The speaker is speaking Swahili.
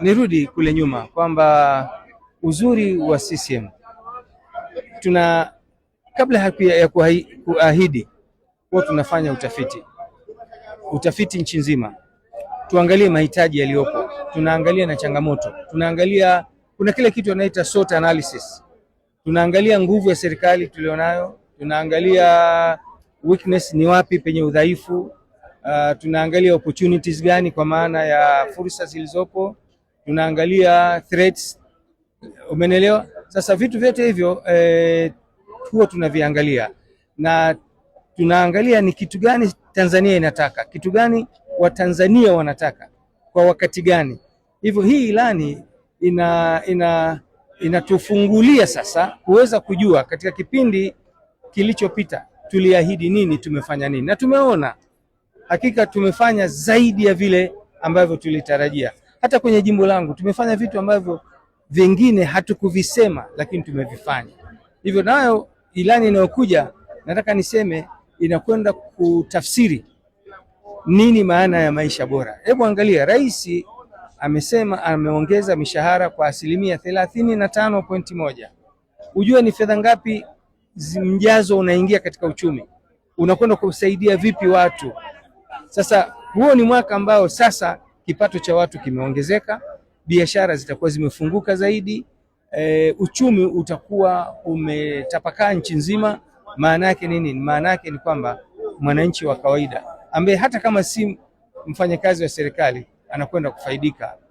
nirudi kule nyuma kwamba uzuri wa CCM tuna kabla ya kuahidi huwa tunafanya utafiti, utafiti nchi nzima, tuangalie mahitaji yaliyopo, tunaangalia na changamoto, tunaangalia kuna kile kitu anaita SWOT analysis, tunaangalia nguvu ya serikali tulionayo, tunaangalia weakness ni wapi penye udhaifu, uh, tunaangalia opportunities gani, kwa maana ya fursa zilizopo tunaangalia threats, umenelewa? Sasa vitu vyote hivyo eh, huwa tunaviangalia na tunaangalia ni kitu gani Tanzania inataka, kitu gani Watanzania wanataka kwa wakati gani. Hivyo hii ilani ina ina inatufungulia sasa kuweza kujua katika kipindi kilichopita tuliahidi nini, tumefanya nini, na tumeona hakika tumefanya zaidi ya vile ambavyo tulitarajia hata kwenye jimbo langu tumefanya vitu ambavyo vingine hatukuvisema, lakini tumevifanya hivyo. Nayo ilani inayokuja nataka niseme inakwenda kutafsiri nini maana ya maisha bora. Hebu angalia, rais amesema ameongeza mishahara kwa asilimia thelathini na tano pointi moja. Ujue ni fedha ngapi mjazo unaingia katika uchumi, unakwenda kusaidia vipi watu? Sasa huo ni mwaka ambao sasa kipato cha watu kimeongezeka, biashara zitakuwa zimefunguka zaidi, e, uchumi utakuwa umetapakaa nchi nzima. Maana yake nini? Maana yake ni kwamba mwananchi wa kawaida ambaye hata kama si mfanyakazi wa serikali anakwenda kufaidika.